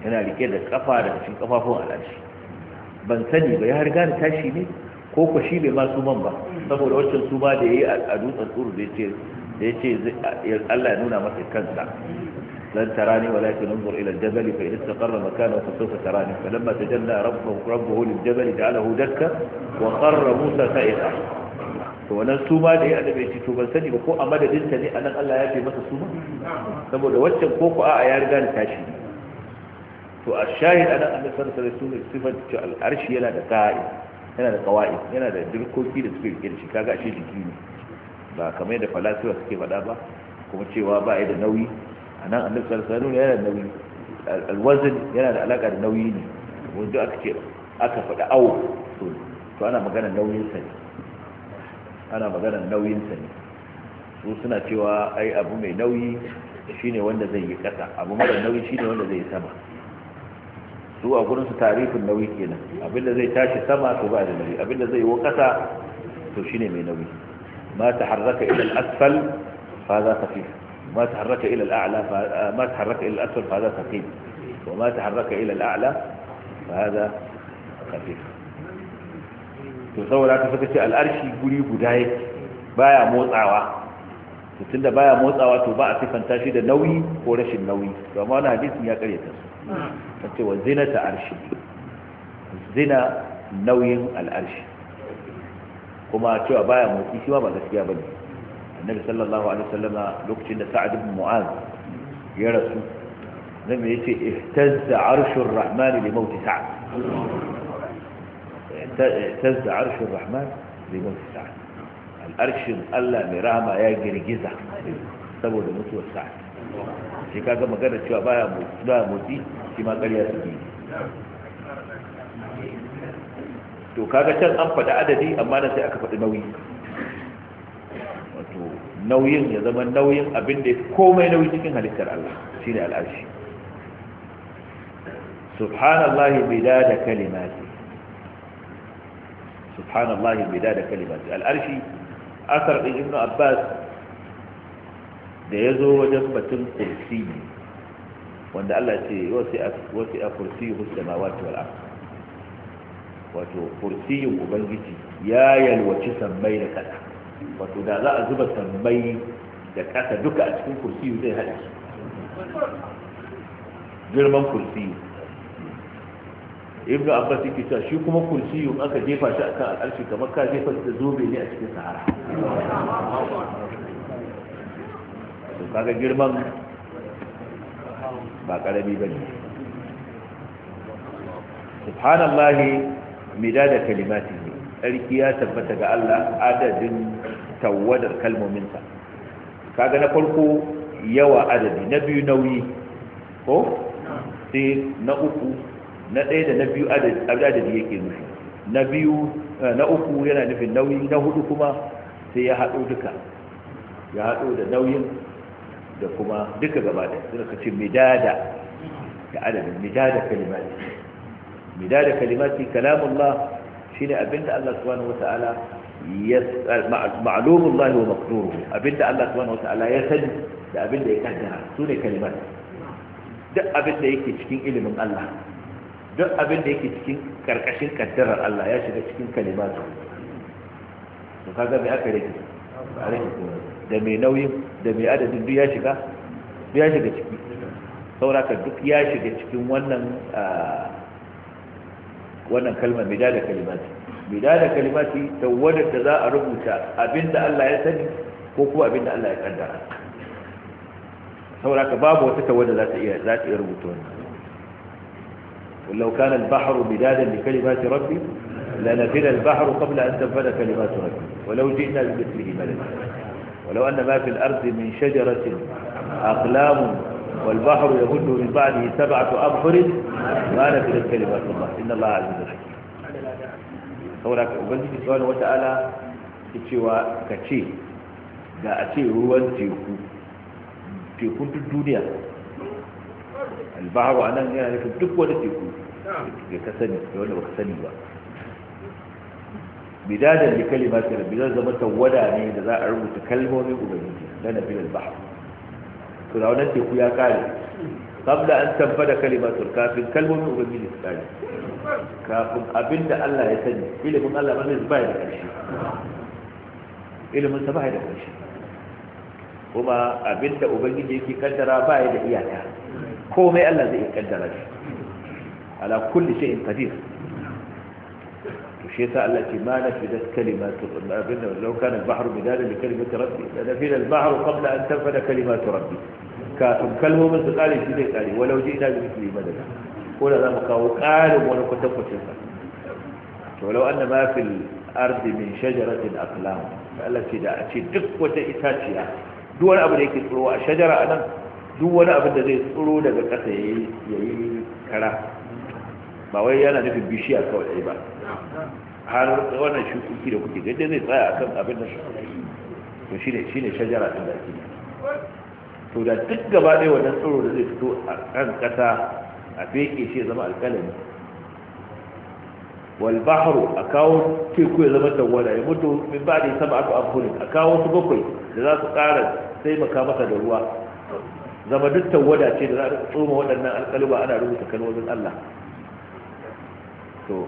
yana rike da kafa da cikin kafafun al'arshi ban sani ba ya har gane tashi ne ko ko shi bai ma suman ba saboda wancan su ba da yayi a dutsen tsuru da yace da yace Allah ya nuna masa kansa lan tarani walakin unzur ila al-jabal fa in istaqarra makanahu fa sawfa tarani falamma tajalla rabbuhu rabbuhu lil-jabal ja'alahu dakka wa qarra musa sa'iqa to wannan tuba da ya annabi ce to ban sani ba ko a madadin ta ne anan Allah ya fi masa tuba saboda waccan ko a a'a ya riga da tashi to a shahid anan annabi sallallahu alaihi wasallam sifar ta al'arshi yana da ka'i yana da kawai yana da dirkoki da suke rike da shi kaga ashe jiki ne ba kamar da falasifa suke faɗa ba kuma cewa ba ya da nauyi anan annabi sallallahu alaihi wasallam yana da nauyi alwazin yana da alaka da nauyi ne wanda aka ce aka faɗa awo to ana magana nauyin sa ne ana maganar nauyinsa ne su suna cewa ai abu mai nauyi shi ne wanda zai yi ƙasa abu mara nauyi ne wanda zai yi sama su a gurin su tarifin nauyi kenan abinda zai tashi sama to ba da nauyi abinda zai yi wa ƙasa to shi ne mai nauyi ma taharraka ila al-asfal fa za tafif ma taharraka ila ilal ala ma taharraka ila al-asfal fa za tafif wa ma taharraka ila al-a'la fa hada fi. to saboda ta saka ce al'arshi guri guda yake baya motsawa to tunda baya motsawa to ba a sifanta shi da nauyi ko rashin nauyi to amma wannan hadisin ya karyata su ta ce wa zina ta arshi zina nauyin al'arshi kuma cewa baya motsi shi ma ba gaskiya ba ne. annabi sallallahu alaihi wasallam lokacin da sa'ad ibn mu'az ya rasu nabi yace ihtazza arshur rahman li mauti sa'ad اهتز عرش الرحمن لموت سعد الأرش الله مرامة يا جرجزة سبب لموت سعد shi kaga magana cewa baya ba motsi shi ma ƙarya su ne to kaga can an faɗi adadi amma na sai aka faɗi nauyi wato nauyin ya zama nauyin abin da komai nauyi cikin halittar Allah shine al'arshi subhanallahi bidada kalimati subhanallahi bida da kalimati al'arshi asar din ibnu abbas da ya zo wajen batun kursi wanda Allah ce wasu kursi wato wato kursiyin ubangiji ya yalwaci sammai da kasa wato da za a zuba sammai da kasa duka a cikin kursiyu zai haɗa girman kursiyu ibn abbas yake cewa shi kuma kursiyun aka jefa shi akan al'arshi kamar ka jefa da zobe ne a cikin sahara to kaga girman ba karami bane subhanallah kalimati ne sarki ya tabbata ga Allah adadin tawadar kalmominsa kaga na farko yawa adadi na biyu nauyi ko sai na uku na ɗaya da na biyu adadi yake nufi na biyu eh, na uku yana nufin nauyi na hudu kuma sai ya haɗo duka ya haɗo da nauyin da kuma duka gaba da suna kace midada da adadin midada kalimati midada kalimati kalamullah shine abinda Allah subhanahu wataala ya eh, ma'lumullahi wa maqduruhu abinda Allah subhanahu wataala ya sani da abinda ya kaddara sune kalimati duk abinda yake cikin ilimin Allah duk abin da yake cikin karkashin kaddarar Allah ya shiga cikin kalimatu to kaga me aka rage da mai nauyin da mai adadin duk ya shiga ya shiga ciki sauraka duk ya shiga cikin wannan wannan kalmar mai da kalimatu bida da kalimati tawadar da za a rubuta abinda Allah ya sani ko kuma abinda Allah ya kaddara saboda babu wata tawadar za ta iya za ta iya rubuta wannan قل لو كان البحر بدادا لكلمات ربي لنفذ البحر قبل أن تنفذ كلمات ربي ولو جئنا بمثله ملكا ولو أن ما في الأرض من شجرة أقلام والبحر يهد من بعده سبعة أبحر ما نفذت كلمات الله إن الله عزيز حكيم ولكن سبحانه وتعالى subhanahu كتشي دا أتي هو تيكو تيكو الدنيا البحر أنا teku tekun duk duniya ya ka sani da wanda baka sani ba bidadan li kalimati rabbi zan zama tawada ne da za a rubuta kalmomin ubangiji na nabil al-bahr to da wannan teku ya kare qabla an tabbata kalimatul kafin kalmomin ubangiji su kare kafin abinda Allah ya sani ilimin Allah ba zai bai da ƙarshe, ilimin sa bai da ƙarshe, kuma abinda ubangiji yake kaddara bai da iyaka komai Allah zai iya kaddara shi ala kulli shay'in qadir to shi yasa Allah ce ma nafidat kalimatu rabbina law kana al-bahru midadan li kalimati rabbi la nafida al-bahru qabla an tanfada kalimatu rabbi kafin kalmomin su kare shi zai kare walau ji ina da mutum madada ko da za mu kawo karin wani kwatankwacin sa to walau anna ma fil ardi min shajaratin aqlam Allah ce da a ce duk wata itaciya duk wani abu da yake tsoro a shajara anan duk wani abu da zai tsoro daga ƙasa yayi yayi kara ba wai yana nufin bishiya kawai ɗaya ba har wannan shukuki da kuke gaje zai tsaya akan abin da ne shi shine shajara din da ake to da duk gaba ɗaya wannan tsiro da zai fito a kan ƙasa a beke shi zama alkalami wal bahru a kawo teku ya zama tawada ya mutu min ba da sama aka abhurin a kawo su bakwai da za su ƙara taimaka masa da ruwa zama duk tawada ce da za a tsoma waɗannan alƙaluba ana rubuta kalmomin Allah to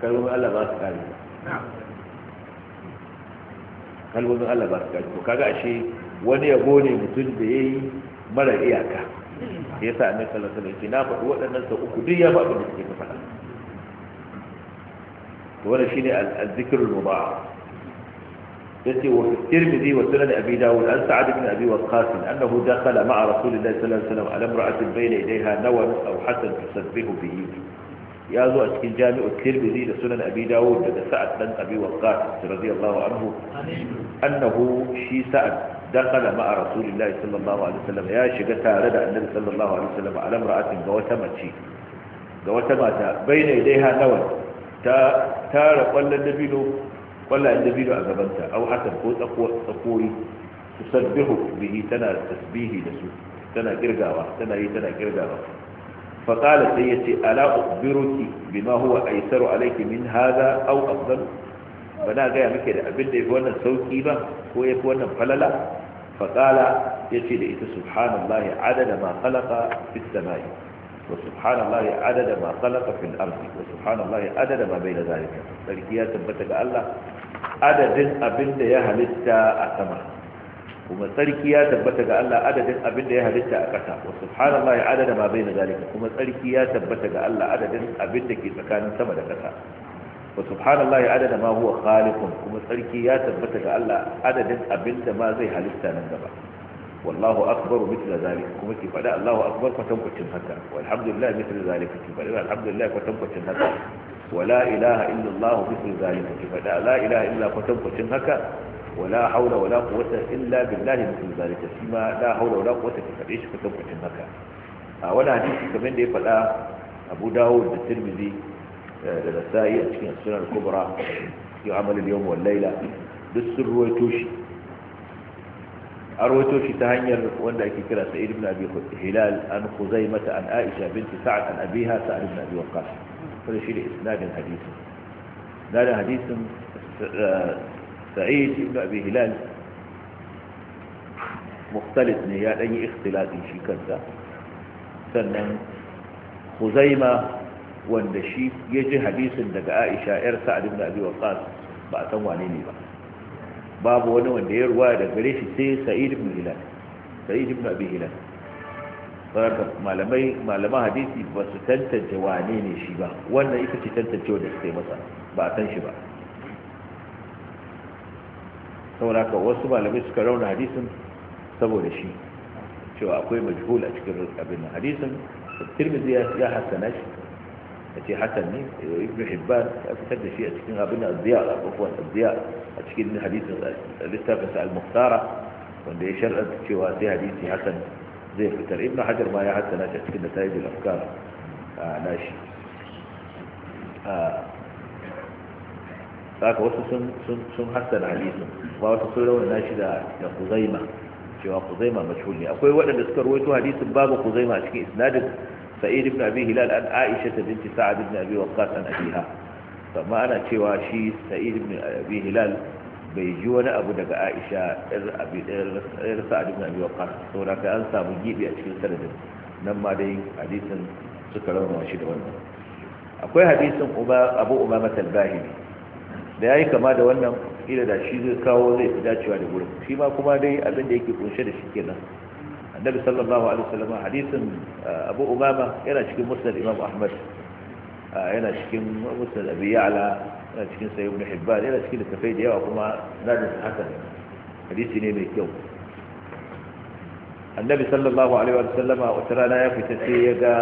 kalmomin Allah ba su kare kalmomin Allah ba su kare to kaga ashe wani yabo ne mutum da ya yi mara iyaka ya sa annabi sallallahu alaihi wasallam na faɗi waɗannan sau uku duk ya ba abin da suke ta faɗa to wannan shine al-zikrul mubarak yace wa fi tirmidhi wa sunan abi dawud an sa'ad ibn abi waqqas annahu dakhala ma'a rasulillahi sallallahu alaihi wasallam ala imra'atin bayna yadayha nawan aw hasan tusabbihu bihi ya zo a cikin jami'u tirmidhi da sunan abi dawud daga sa'ad dan abi waqqas radiyallahu anhu annahu shi sa'ad dakala ma'a rasulillahi sallallahu alaihi wasallam ya shiga tare da annabi sallallahu alaihi wasallam a lamra'atin ga wata mace ga wata mata baina idaiha nawal ta tara kwallon dabino kwallon dabino a gabanta au hasan ko tsakori tusabbihu bihi tana tasbihi da su tana kirgawa tana yi tana kirgawa faƙala sai ya ce ala ukbiruki ma huwa aisaru alayki min haza au afdal ba na gaya muke da abin da yafi wannan sauki ba ko yafi wannan falala faƙala ya ce da ita subhanallahi adada ma khalaqa fis samai wa subhanallahi adada ma khalaqa fil ardi wa subhanallahi adada ma bayna zalika sarki ya tabbata ga Allah adadin abin da ya halitta a sama kuma tsarki ya tabbata ga Allah adadin abin da ya halitta a ƙasa wa subhanallah ya adada ma na zalika kuma tsarki ya tabbata ga Allah adadin abin da ke tsakanin sama da ƙasa wa subhanallah ya adada ma huwa khaliqun kuma tsarki ya tabbata ga Allah adadin abin da ma zai halitta nan gaba wallahu akbar mithla zalika. kuma ki fada Allahu akbar kwatankwacin haka walhamdulillah mithla zalika ki fada alhamdulillah kwatankwacin haka wala ilaha illallah mithla zalika ki fada la ilaha illa kwatankwacin haka ولا حول ولا قوة إلا بالله مثل ذلك فيما لا حول ولا قوة كفريش كتب كتنك ولا حديث كمان دي فلا أبو داود الترمذي للسائي أتكين السنة الكبرى في عمل اليوم والليلة بالسر رويتوشي أرويتوشي تهنير وانا اكي كلا سعيد بن أبي هلال أن خزيمة أن آئشة بنت سعد أن أبيها سعد بن أبي وقاس فلشي لإسناد الحديث هذا حديث sa'id ibn abi hilal mukhtalif ne ya dan yi ikhtilafi shi kansa sannan khuzaima wanda shi ya ji hadisin daga aisha yar sa'ad ibn abi waqas ba a san wane ne ba babu wani wanda ya ruwa da gare shi sai sa'id ibn hilal sa'id malamai hadisi ba su tantance wane ne shi ba wannan ita ce tantancewa da suka yi ba a san shi ba saboda ka wasu malamai suka rauna hadisin saboda shi cewa akwai majhul a cikin abin hadisin tirmidhi ya hasana shi a ce hasan ne ibn hibban ya fitar da shi a cikin abin azziya a abubuwan azziya a cikin hadisin littafin sa al-muhtara wanda ya sharɗa cewa sai hadisi hasan zai fitar ibn hajar ma ya hasana shi a cikin da al-afkar a nashi haka wasu sun hassana hadisun ba wasu sun raunana shi da kuzaima cewa kuzaima mashhur ne akwai waɗanda suka rawaito hadisin babu kuzaima a cikin isnadin sa'id ibn abi hilal an aisha ta binti sa'ad ibn abi waqqas an abiha amma ana cewa shi sa'id ibn abi hilal bai ji wani abu daga aisha ɗar sa'ad ibn abi waqqas saboda kai an samu gibi a cikin sanadin nan ma dai hadisin suka raunana shi da wannan akwai hadisin abu umama al-bahili da ya yi kama da wannan ila da shi zai kawo zai fi dacewa da gurin shi ma kuma dai abin da yake kunshe da shi kenan annabi sallallahu alaihi wasallam hadisin uh, abu umama yana cikin musnad imam ahmad uh, yana cikin musnad abi ya'la yana cikin sayyid ibn hibban yana cikin da tafai da yawa kuma nadin hasan hadisi ne mai kyau annabi sallallahu alaihi wa sallama wata rana ya fita sai ya ga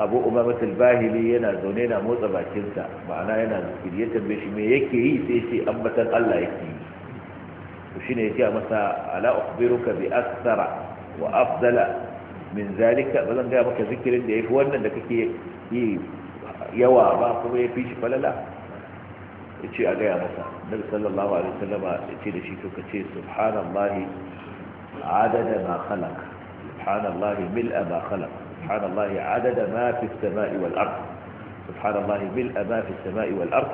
abu umamat bahili yana zaune na motsa bakinsa ma'ana yana zikiri ya tambaye shi me yake yi sai ce ambatan Allah yake yi to shine ya ce masa ala ukhbiruka bi akthara wa afdala min zalika bazan ga maka zikirin da yafi wannan da kake yi yawa ba kuma yafi shi falala yace a ga masa nabi sallallahu alaihi wa sallama yace da shi to kace subhanallahi adada ma khalaqa سبحان الله ملء ما خلق سبحان الله عدد ما في السماء والأرض سبحان الله ملء ما في السماء والأرض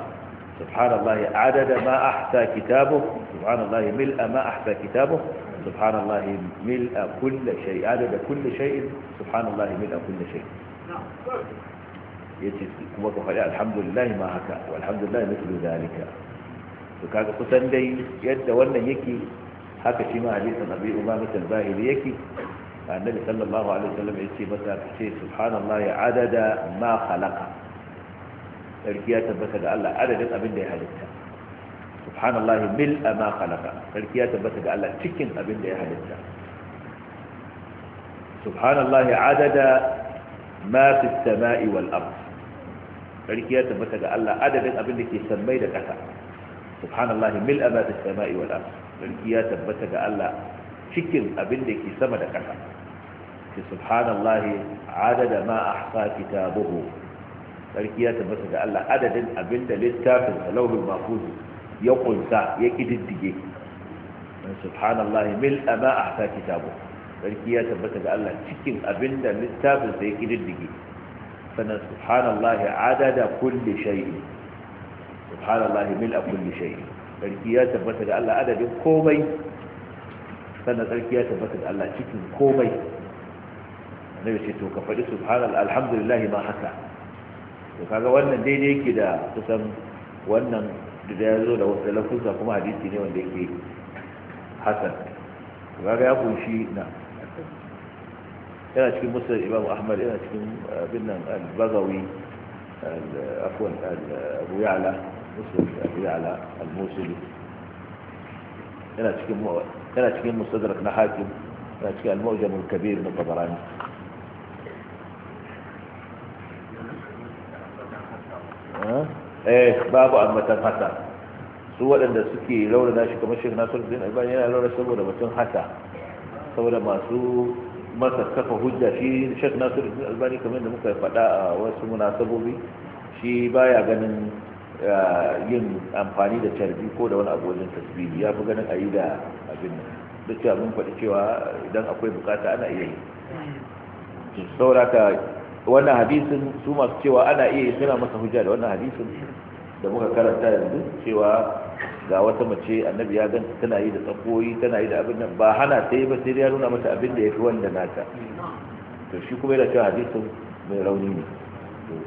سبحان الله عدد ما أحسى كتابه سبحان الله ملء ما أحسى كتابه سبحان الله ملء كل شيء عدد كل شيء سبحان الله ملء كل شيء الحمد لله ما هكا والحمد لله مثل ذلك mithlu zalika to kaga kusan dai yadda wannan yake haka shi ma النبي صلى الله عليه وسلم يسي مثلا في سبحان الله عدد ما خلق الكيات بسد الله عدد أبن دي حدثة سبحان الله ملء ما خلق الكيات بسد الله تكن أبن دي حدثة سبحان الله عدد ما في السماء والأرض الكيات بسد الله عدد أبن دي سميد كثا سبحان الله ملء ما في السماء والأرض الكيات بسد الله تكن أبن دي سمد كثا ce subhanallahi adada ma a ahsa kitabuhu sarki ya tabbata da Allah adadin abinda littafin lauhul mahfuz ya kunsa ya kididdige subhanallahi mil a ma a ahsa kitabuhu sarki ya tabbata da Allah cikin abinda littafin sa ya kididdige sannan subhanallahi adada kulli shay'in subhanallahi mil kulli shay'in sarki ya tabbata da Allah adadin komai sannan sarki ya tabbata da Allah cikin komai nabi ce to ka faɗi subhanallah alhamdulillah ma haka to kaga wannan daidai yake da kusan wannan da ya zo da wasu lafusa kuma hadisi ne wanda yake hasan kaga ya kunshi na yana cikin musul imam ahmad yana cikin bin nan al-bagawi afwan abu ya'la musul abu ya'la al-musuli yana cikin yana cikin mustadrak na hakim yana cikin al-mu'jam al-kabir na tabarani eh babu ambatan hasa su waɗanda suke raunana shi kamar shekh nasir din albani yana raunana saboda batun hasa saboda masu masa kafa hujja shi shekh nasir din albani kamar da muka faɗa a wasu munasabobi shi baya ganin eh, yin amfani da carbi ko da wani abu wajen tasbihi ya fi ganin a yi da abin nan duk cewa mun faɗi cewa idan akwai bukata ana iya yi ka wannan hadisin su masu cewa ana iya suna masa hujja da wannan hadisin da muka karanta yanzu cewa ga wata mace annabi ya ganta tana yi da tsakoyi tana yi da abin nan ba hana ta yi ba sai ya nuna mata abin da ya fi wanda nata to shi kuma yana cewa hadisin mai rauni ne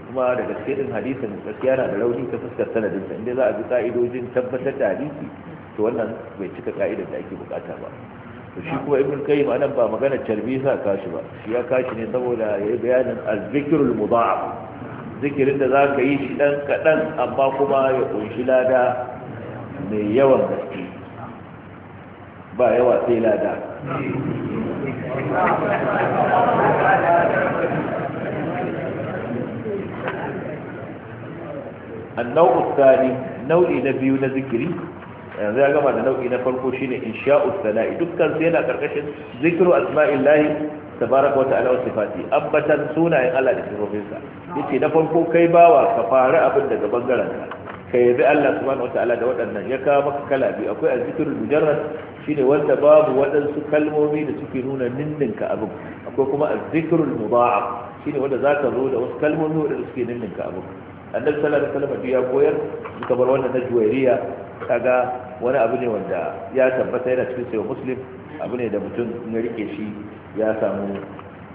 kuma da gaske din hadisin gaskiya na da rauni ta fuskar sa inda za a bi ka'idojin tabbatar da hadisi to wannan bai cika ka'idar da ake bukata ba to shi kuma ibn kayyim anan ba magana tarbiyya kashi ba shi ya kashi ne saboda yayi bayanin azzikrul mudha'af zikirin da za ka yi shi dan kadan amma kuma ya kunshi lada mai yawan gaske ba yawa sai lada النوع الثاني نوع نبي ذكري yanzu ya gama da nau'i na farko shine insha'u sana'i dukkan su yana karkashin zikru asma'illahi tabaraka wata'ala wa sifati abbatan sunayen Allah da sifofinsa yace na farko kai bawa ka fara abin daga bangaren ka ka yabi Allah subhanahu wata'ala da waɗannan ya kawo maka kala biyu akwai azzikrul mujarrad shine wanda babu waɗansu kalmomi da suke nuna ninninka abin akwai kuma azzikrul mudha'af shine wanda zaka zo da wasu kalmomi da suke ninninka abin annabi sallallahu alaihi wasallam ya koyar suka bar wannan na juwairiya kaga wani abu ne wanda ya tabbata yana cikin sayo muslim abu ne da mutum ya rike shi ya samu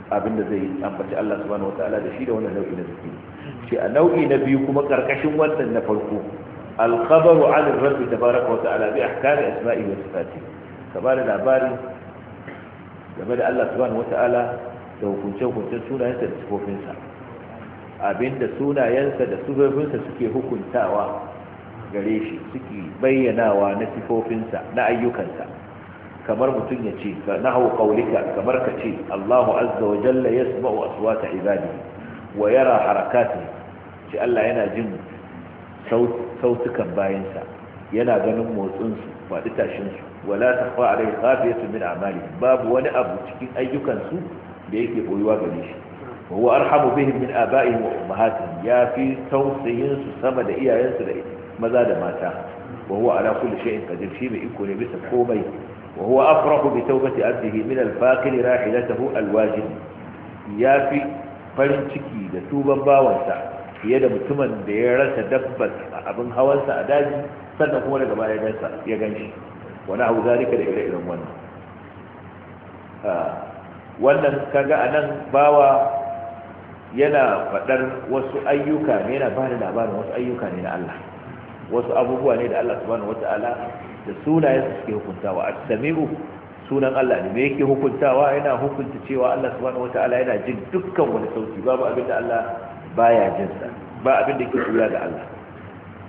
abin da zai ambaci Allah subhanahu wataala da shi da wannan nau'i na zikiri shi a nau'i na biyu kuma karkashin wannan na farko al-khabaru 'ala ar-rabb tabaaraka wa ta'ala bi ahkami asma'ihi wa sifatihi kabara labari game da Allah subhanahu wataala da hukunce-hukuncen sunayensa da sifofinsa Abin da sunayensa da sufofinsa suke hukuntawa gare shi suke bayyanawa na sifofinsa na ayyukansa kamar mutum ya ce na hau kaulika kamar ka ce Allahu azza wa jalla asuwa ta ibadi wa yara harakati ce Allah yana jin sautukan bayansa yana ganin motsinsu faɗi tashinsu wala ta fa ya su min amali babu wani abu cikin ayyukansu da yake boyuwa gare shi wa huwa arhamu bihim min aba'ihim wa ummahatihim ya fi tausayin su sama da iyayensu da maza da mata wa huwa ala kulli shay'in qadir shi mai iko ne bisa komai wa huwa afrahu bi tawbati abdihi min al-faqir rahilatahu al-wajib ya fi farin ciki da tuban bawansa fiye da mutumin da ya rasa dabbar abin hawansa a daji sannan kuma daga baya ya gan shi wani hau zalika da ire-iren wannan wannan kaga a nan bawa yana faɗar wasu ayyuka ne yana bada labarin wasu ayyuka ne na Allah wasu abubuwa ne da Allah subhanahu wata'ala da su suke hukuntawa as-sami'u sunan Allah ne me yake hukuntawa yana hukunta cewa Allah subhanahu wata'ala yana jin dukkan wani sauti babu abin da Allah baya jin sa ba abin da ke kula da Allah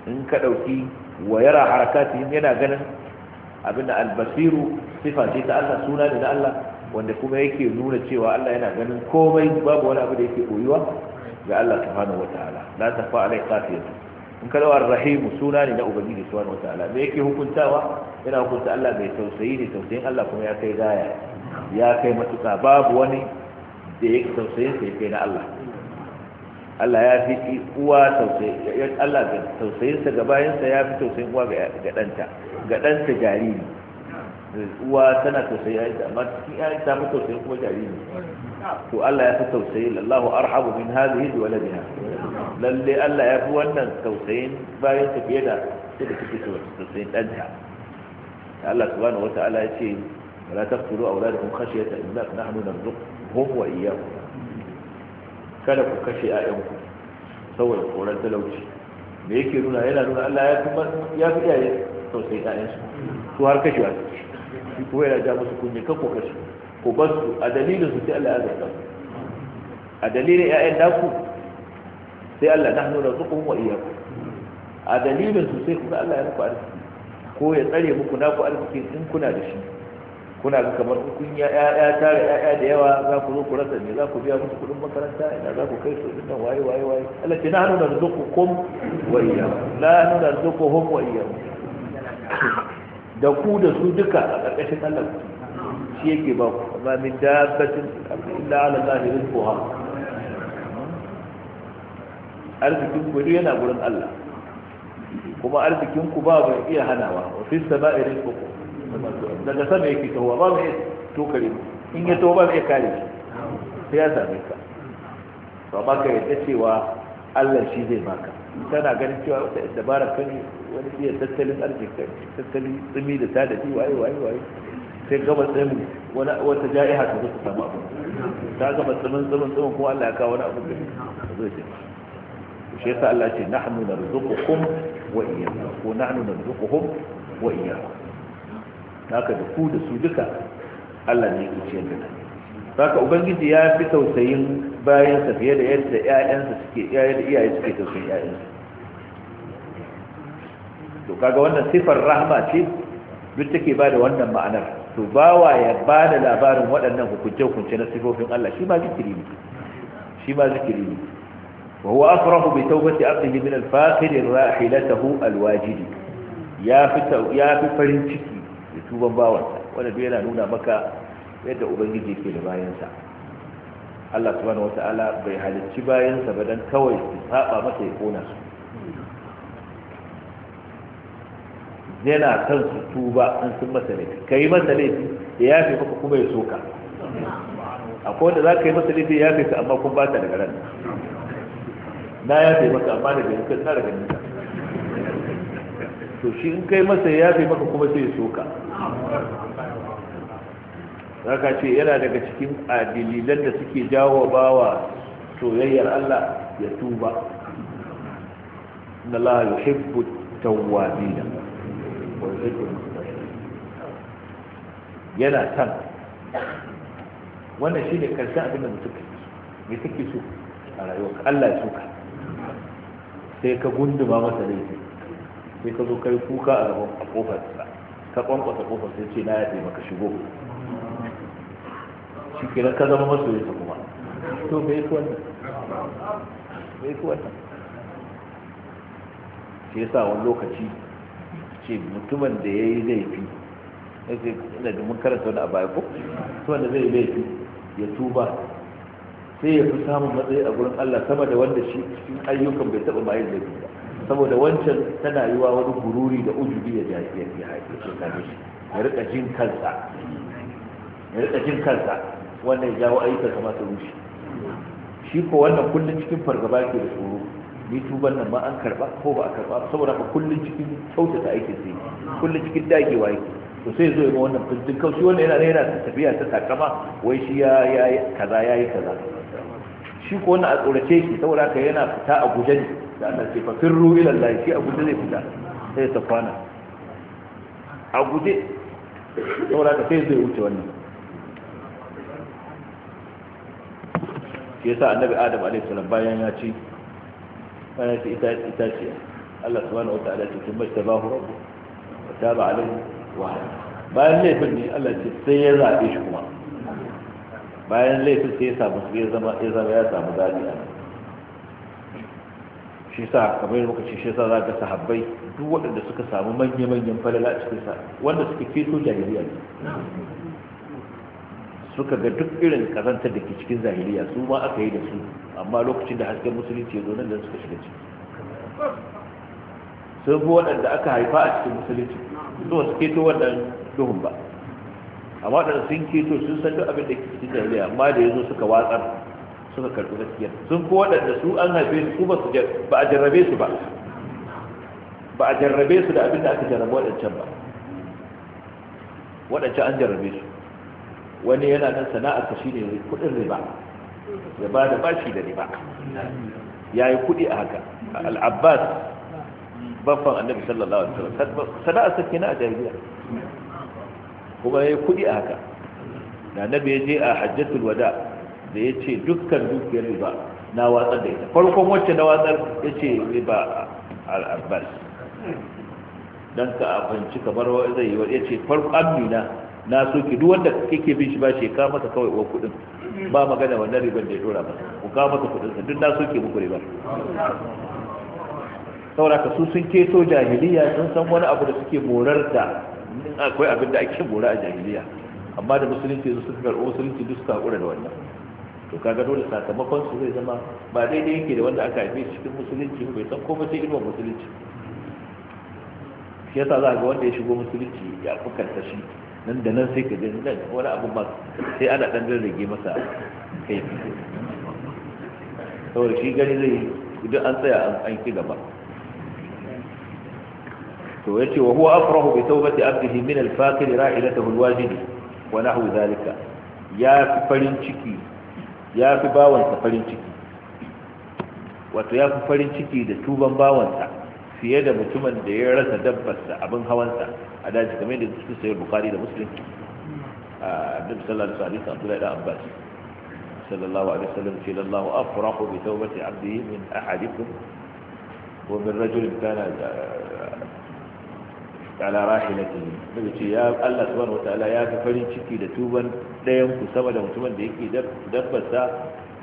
in ka dauki wa yara harakatihim yana ganin abin da albasiru basiru sifa ce ta Allah suna da Allah wanda kuma yake nuna cewa Allah yana ganin komai babu wani abu da yake koyuwa ga Allah subhanahu wataala la tafa alai qafiyatu in ka dawo rahim suna ne na ubangiji subhanahu wataala me yake hukuntawa yana hukunta Allah mai tausayi ne tausayin Allah kuma ya kai gaya ya kai matuka babu wani da yake tausayin sai kai na Allah Allah ya fi uwa tausayin Allah ga tausayin sa ga bayan sa ya fi tausayin uwa ga danta ga danta jariri uwa tana tausayi aisha amma cikin aisha ta fi tausayi kuma jariri to Allah ya fi tausayi lallahu arhamu min hadhihi bi waladiha lalle Allah ya fi wannan tausayin bayan ta fiye da sai da kike tausayin danta Allah subhanahu wataala ya ce wala taqtulu awladakum khashyata imlaq nahnu narzuquhum wa iyyakum kada ku kashe ayyanku saboda tsoron talauci me yake nuna yana nuna Allah ya fi iyaye tausayi ayyansu su har kashewa su shi ko yana ja musu kunya kan ko kashi ko ba su a dalilin su sai Allah ya zarta su a dalilin ƴaƴan naku sai Allah na nuna zuƙun wa iyaku a dalilin su sai kuma Allah ya muku arziki ko ya tsare muku naku arziki in kuna da shi kuna ga kamar kun ya ƴaƴa tare ƴaƴa da yawa za ku zo ku rasa ne za ku biya musu kuɗin makaranta ina za ku kai su dinnan waye waye waye Allah ce na nuna zuƙukum wa iyaku la nuna zuƙuhum wa iyaku da ku da su duka a ƙarƙashin Allah shi yake ba ku ba min dabbatin illa ala Allah rizquha arzikin ku yana gurin Allah kuma arzikin ku ba bai iya hanawa wa fi sama'i rizqukum daga sama yake tawa ba mai tokare in ya tawa ba mai kare sai ya same ka to ba ka yadda cewa Allah shi zai baka tana ganin cewa wata dabara kan wani iya tattalin arziki tattalin tsimi da tadafi waye waye waye sai gaba tsimin wata ja'iha ta zo ta samu abu ta gaba tsimin tsimin tsimin kuma Allah ya kawo wani abu da zai ce shi yasa Allah ce na nahnu narzuqukum wa iya ko na nahnu narzuquhum wa iya haka da ku da su duka Allah ne ya ciyar da kai haka ubangiji ya fi tausayin bayansa fiye da yadda ƴaƴansa suke iyaye da iyaye suke tausayin ƴaƴansu to kaga wannan sifar rahma ce duk take ba da wannan ma'anar to bawa ya ba da labarin waɗannan hukunce-hukunce na sifofin Allah shi ma zikiri ne shi ma zikiri ne wa huwa afrahu bi tawbati abdihi min al-faqir rahilatahu al-wajid ya fi ya fi farin ciki da tuban bawansa wanda yana nuna maka yadda ubangiji yake da bayansa Allah subhanahu ta'ala bai halicci bayansa ba dan kawai su saba masa ya kona su yana kan su tuba an sun masa laifi ka yi masa laifi ya yafe maka kuma ya soka akwai wanda za ka yi masa laifi ya yafe ka amma kun ba ta daga ran na yafe maka amma daga kan na daga nisa to shi in kai masa ya yafe maka kuma sai ya soka zaka ce yana daga cikin adililan da suke jawo bawa soyayyar Allah ya tuba inna Allah yuhibbu tawwabin wa yuhibbu yana san wannan shi shine karshen abin da mutum me take su a rayuwa Allah ya soka sai ka gunduma masa laifi sai ka zo kai kuka a gaban kofar ka kwankwasa kofar sai ce na ya taimaka shigo shi kenan ka zama masoyinsa kuma to bai fi wannan bai fi wannan shi yasa wani lokaci ce mutumin da ya yi laifi ina da mun karanta wani a ko mutumin da zai laifi ya tuba sai ya fi samun matsayi a gurin Allah sama da wanda shi cikin ayyukan bai taɓa bayan laifi ba saboda wancan tana yi wa wani gururi da ujubi ya jafi ya haifi ya rika jin kansa ya rika jin kansa wannan ya jawo ayyuka kama ta rushe shi ko wannan kullum cikin fargaba ke da tsoro ni tuban nan ma an karba ko ba a karba saboda ba kullum cikin kyautata aikin sai kullum cikin dagewa yake to sai zo ga wannan fitin kaushi wannan yana yana tafiya ta takama wai shi ya ya kaza ya yi kaza shi ko wannan a tsorace shi saboda ka yana fita a guje ne da Allah ce fa firru ila Allah shi a guje zai fita sai ta kwana a guje saboda ka sai zai wuce wannan ke sa annabi adam alaihi salam bayan ya ci bayan shi ita ita ce Allah subhanahu wataala ce kuma tabahu rabbu wa taba alaihi wa hada bayan laifin ne Allah ce sai ya zabe shi kuma bayan laifin sai ya samu ya zama ya zama ya samu zabi a shi sa kamar yadda muka ce shi sa za ga sahabbai duk waɗanda suka samu manya-manyan falala a cikin sa wanda suke fito jahiliya ne suka ga duk irin kazantar da ke cikin zahiriya su ma aka yi da su amma lokacin da hasken musulunci ya zo nan da suka shiga ciki sun fi waɗanda aka haifa a cikin musulunci su wasu keto waɗanda duhun ba amma waɗanda sun keto sun san duk abin da ke cikin zahiriya amma da ya zo suka watsar suka karɓi gaskiya sun fi waɗanda su an haife su ba a jarrabe su ba ba a jarrabe su da abin da aka jarrabe waɗancan ba waɗancan an jarrabe su wani yana nan sana'arsa ne kudin riba ya ba da bashi da riba ya yi kudi a haka al'abbas baffan annabi sallallahu alaihi wasallam sana'arsa kenan a jahiliya kuma ya yi kudi a haka da annabi ya je a hajjatul wada da ya ce dukkan dukiyar riba na watsar da ita farkon wacce na watsar ya ce riba al'abbas don ka abinci kamar zai yi wa, ya ce farkon amina na so ki duk wanda kake bin shi ba shi ka masa kawai uwar kudin ba magana wannan riban da ya dora masa ku ka masa kudin sa duk na so ki muku riba saboda ka su sun keto jahiliya sun san wani abu da suke morar da akwai abin da ake mora a jahiliya amma da musulunci su suka karɓo musulunci duk suka haƙura da wannan to kaga dole sakamakon su zai zama ba daidai yake da wanda aka haife cikin musulunci bai san komai sai ilmin musulunci shi yasa za ga wanda ya shigo musulunci ya fukanta shi nan da nan sai ka gani nan wani abu ba sai ana dan rage masa kai saboda shi gani zai idan an tsaya an ki gaba to yace wa huwa afrahu bi tawbati abdihi min al-fakir ra'ilatahu al-wajid wa nahwu zalika ya fi farin ciki ya fi bawansa farin ciki wato ya fi farin ciki da tuban bawansa fiye da mutumin da ya rasa dabbarsa abin hawansa a daji kamar da suke sayar bukari da muslim a duk sallallahu alaihi wasallam Abdullahi da Abbas sallallahu alaihi wasallam ce lallahu afrahu bi tawbati abdihi min ahadikum wa min rajulin kana ala rahilatihi daga ce ya Allah subhanahu wataala ya fi farin ciki da tuban ɗayan ku sama da mutumin da yake dabbarsa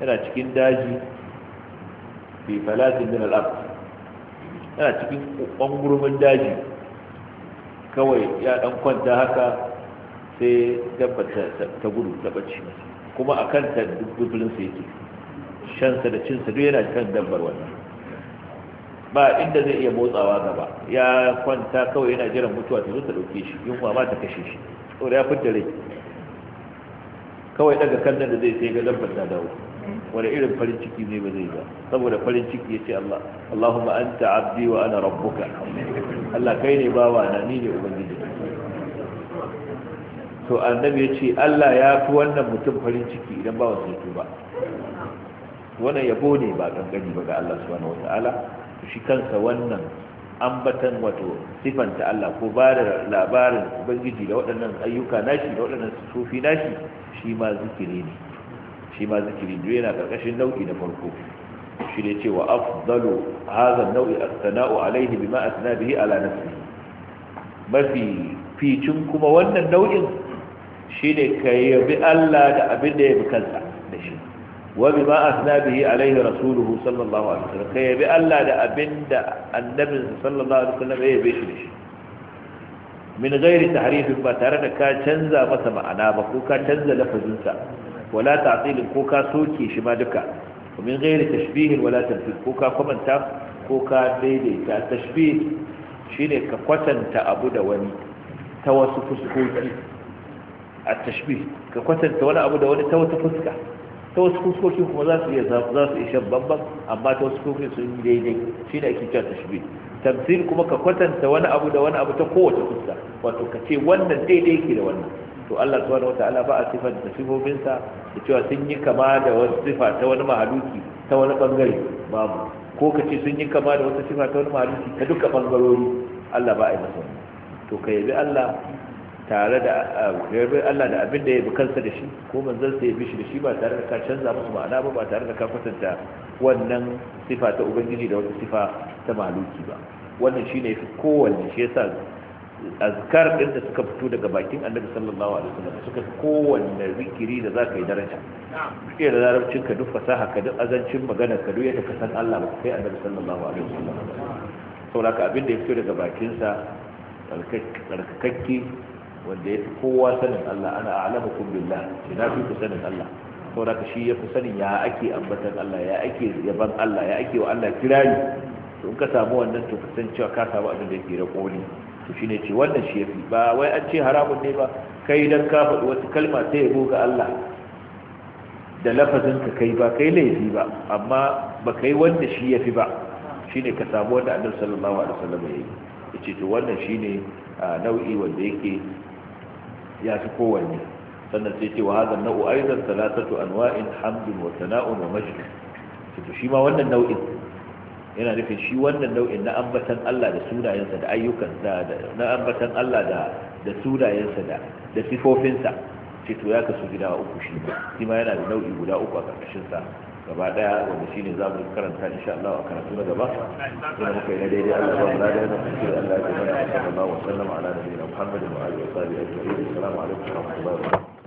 yana cikin daji fi falatin min al yana cikin ɓangurmin daji kawai ya ɗan kwanta haka sai dabba ta gudu ta ɓace kuma a kan ta kanta sai yake shansa da cinsa duk yana kan dabbar wannan ba inda zai iya motsawa gaba ya kwanta kawai yana jiran mutuwa ta zo ta ɗauke shi yunwa ma ta kashe shi ya fitta rai kawai daga kan da zai sai ga dabbar ta dawo wani irin farin ciki ne ba zai ba saboda farin ciki ya ce Allah Allahumma anta ta'abdi wa ana rabbuka Allah kai ne bawa na ni ne ubangiji to annabi ya ce Allah ya fi wannan mutum farin ciki idan ba wasu ba wannan yabo ne ba kankani ba ga Allah subhanahu wataala shi kansa wannan ambatan wato sifanta Allah ko ba da labarin ubangiji da waɗannan ayyuka nashi da waɗannan sufi nashi shi ma zikiri ne shi ma zikiri duk yana karkashin nau'i na farko shi ne wa afdalu hadha an-naw'i as-sana'u alayhi bima asna bihi ala nafsihi mafi ficin kuma wannan nau'in shi ne ka yabi Allah da abin da ya bi kansa da shi wa bima asna bihi alayhi rasuluhu sallallahu alaihi wasallam ka yabi Allah da abin da annabinsa sallallahu alaihi wasallam ya yabe shi da shi min ghairi tahrifin ba tare da ka canza masa ma'ana ba ko ka canza lafazinsa wala ta'tilin ko ka soke shi ma duka min ghairi tashbihin wala tamthil ko ka kwatanta ko ka daidaita tashbih shine ka kwatanta abu da wani ta wasu fuskoki a tashbih ka kwatanta wani abu da wani ta wata fuska ta wasu fuskoki kuma za su iya za su isha bambam amma ta wasu fuskokin sun yi daidai shi ne ake cewa tashbi tamthil kuma ka kwatanta wani abu da wani abu ta kowace fuska wato ka ce wannan daidai ke da wannan to Allah subhanahu wata'ala ba a sifar da sa da cewa sun yi kama da wasu sifa ta wani mahaluki ta wani bangare babu ko ka ce sun yi kama da wasu sifa ta wani mahaluki ta duka bangarori Allah ba a yi masa to ka yabi Allah tare da yabi Allah da abin da ya bi kansa da shi ko manzon sa ya bi shi da shi ba tare da ka canza musu ma'ana ba ba tare da ka kwatanta wannan sifa ta ubangiji da wata sifa ta mahaluki ba wannan shine fi kowanne shi yasa azkar din da suka fito daga bakin annabi sallallahu alaihi wasallam suka kowanne zikiri da zaka yi daraja kike da larabcin ka duk fasaha ka duk azancin magana ka duk yadda ka san Allah ba kai annabi sallallahu alaihi wasallam saboda abin da ya fito daga bakin sa tsarkakakke wanda ya fi kowa sanin Allah ana a'lamukum billah shi na fi ku sanin Allah saboda shi ya fi sanin ya ake ambatan Allah ya ake yaban Allah ya ake wa Allah kirayi to in ka samu wannan to ka san cewa ka samu abin da yake da koli to shine ce wannan shi yafi ba wai an ce haramun ne ba kai dan ka faɗi wata kalma ta yabo ga Allah da lafazin ka kai ba kai laifi ba amma ba kai wanda shi yafi ba shine ka samu wanda Annabi sallallahu alaihi wasallam yayi yace to wannan shine nau'i wanda yake ya fi kowanne sannan sai ce wa hadha nau'u aidan thalathatu anwa'in hamdun wa sana'un wa majd to shi ma wannan nau'in yana nufin shi wannan nau'in na ambatan Allah da sunayensa da ayyukan na ambatan Allah da da sunayensa da da sifofinsa ce to ya kasu gida a uku shi shi ma yana da nau'i guda uku a karkashin sa gaba daya wanda shine za mu karanta insha Allah a karatu na gaba sai muka yi na daidai Allah ba mu da na cikin Allah ya kuma sallallahu alaihi wa sallam ala nabiyina Muhammadin wa alihi wa sahbihi ajma'in assalamu alaikum wa rahmatullahi wa barakatuh